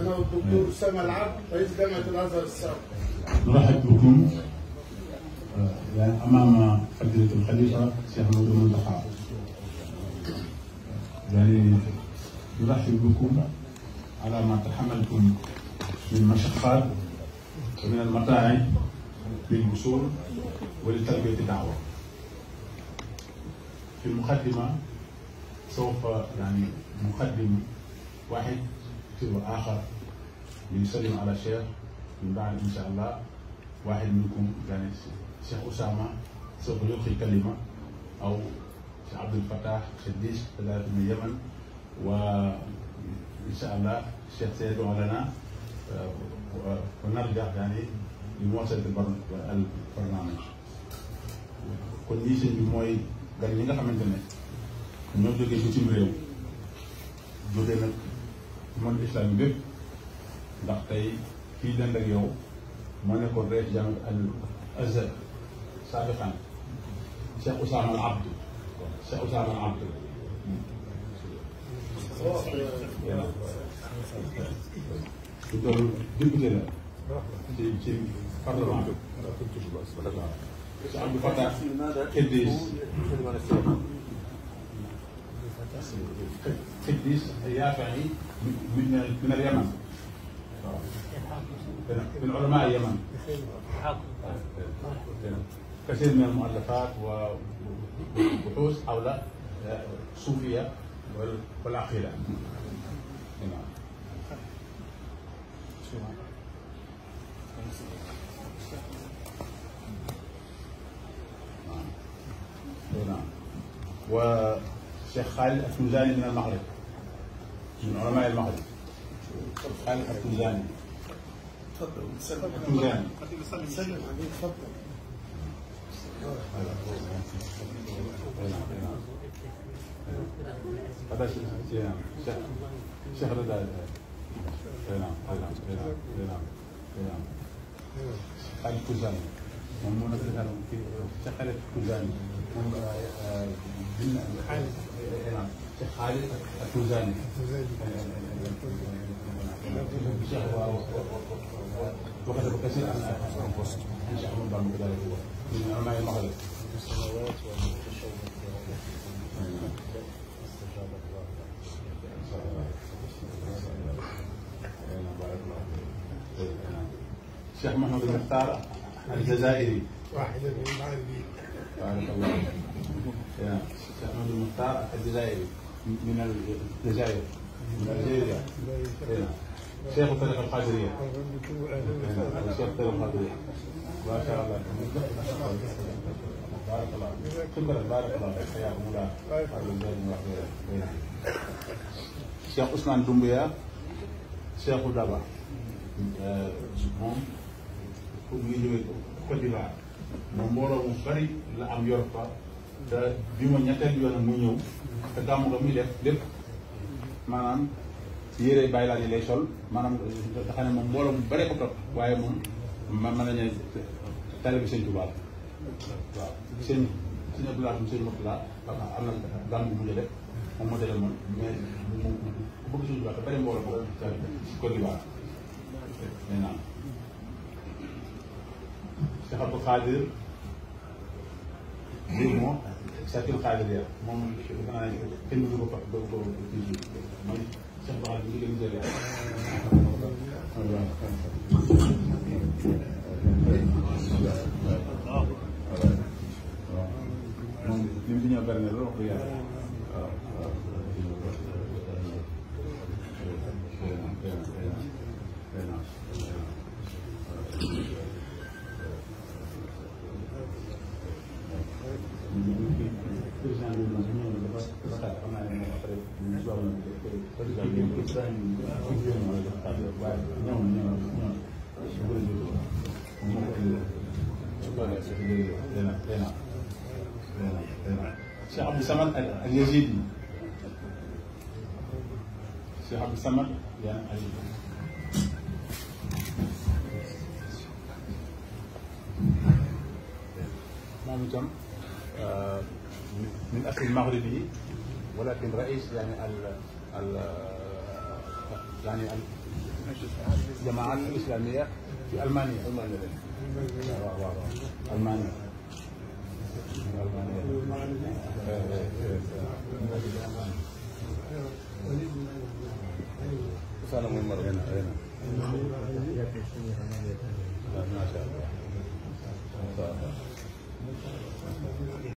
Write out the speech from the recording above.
أنا الدكتور أسامة العبد رئيس جامعة الأزهر السابق. نرحب بكم أمام فضيلة الخليفة الشيخ محمد بن البحار. يعني نرحب بكم على ما تحملتم من مشقات ومن المتاعب للوصول ولتلبية الدعوة. في المقدمة سوف يعني مقدم واحد تفسير آخر ليسلم على الشيخ من بعد إن شاء الله واحد منكم يعني الشيخ أسامة سوف يلقي كلمة أو الشيخ عبد الفتاح سديس كذلك من اليمن وإن شاء الله الشيخ سيدعو لنا ونرجع يعني لمواصلة البرنامج kon ñii sëñ bi mooy gan ñi nga xamante ne ñoo jógee bitim réew jógee nag monde islam bépp ndax tey kii dend ak yow moo nekkoon rek jàng al azhar sabiqan Cheikh Ousama al Abd Cheikh Ousama al Abd su doon député la ci ci parlement bi. Cheikh Abdou Fattah Eddiis تدريس اليافعي من من اليمن من علماء اليمن كثير من المؤلفات وبحوث حول الصوفية والعقيدة نعم نعم و Cheikh Khalid Al-Fawzani min al-Maghrib min ulama al-Maghrib Cheikh Khalid Al-Fawzani Al-Fawzani هذا شيخ شيخ شيخ رضا اي نعم اي نعم اي نعم اي نعم الفوزاني moom moo nekk dafa am kii ca xale Touzani moom dina xaalis ca xaalis ak Touzani. waaw boo ko defee kese am na ay compost incha allah mbaa mu daal di wax ñu am ay maxal. Cheikh Mahamadou Mokhtar aljazairi baarakallah waaw Cheikh Amadou Mokhtar aljazairi min aljazair min aljazair cheikh tariqa alqadiriya cheikh tariqa alqadiriya macha allah baarakallah shukran baarakallah xayaakum llah cheikh Ousmane Doumbouya cheikhu Daba moom eh, foofu nga ñëwee Côte d'Ivoire moom mbooloo mu bari la am yor fa te bi ma ñetteel yoon mu ñëw te gàmmu ko muy def lépp maanaam yére bàyyi laa ni lay sol maanaam dafa ne mbooloo mu bari ko topp waaye moom man mën ne talibi sëñ Tuubaa waaw sëñ sëñ Abdoulaye sëñ Moutala am na gàmmu bu mu def moom moo dajal moom mais mu bëgg sëñ Cheikh Abdou Khadir lii moom Cheikh Khadir ya moom defe naa ne kenn du ko fa du ko kii man Cheikh Abdou Khadir ñu ngi leen di moom li mu si ñëw bëri na lool wax dëgg yàlla Cheikh Abdou Samad al-Yazidi Cheikh Abdou Samad yaa ay moom itam من أصل مغربي ولكن رئيس يعني ال ال يعني الجماعات الإسلامية في ألمانيا ألمانيا واو واو ألمانيا سلام عمر هنا هنا ما شاء الله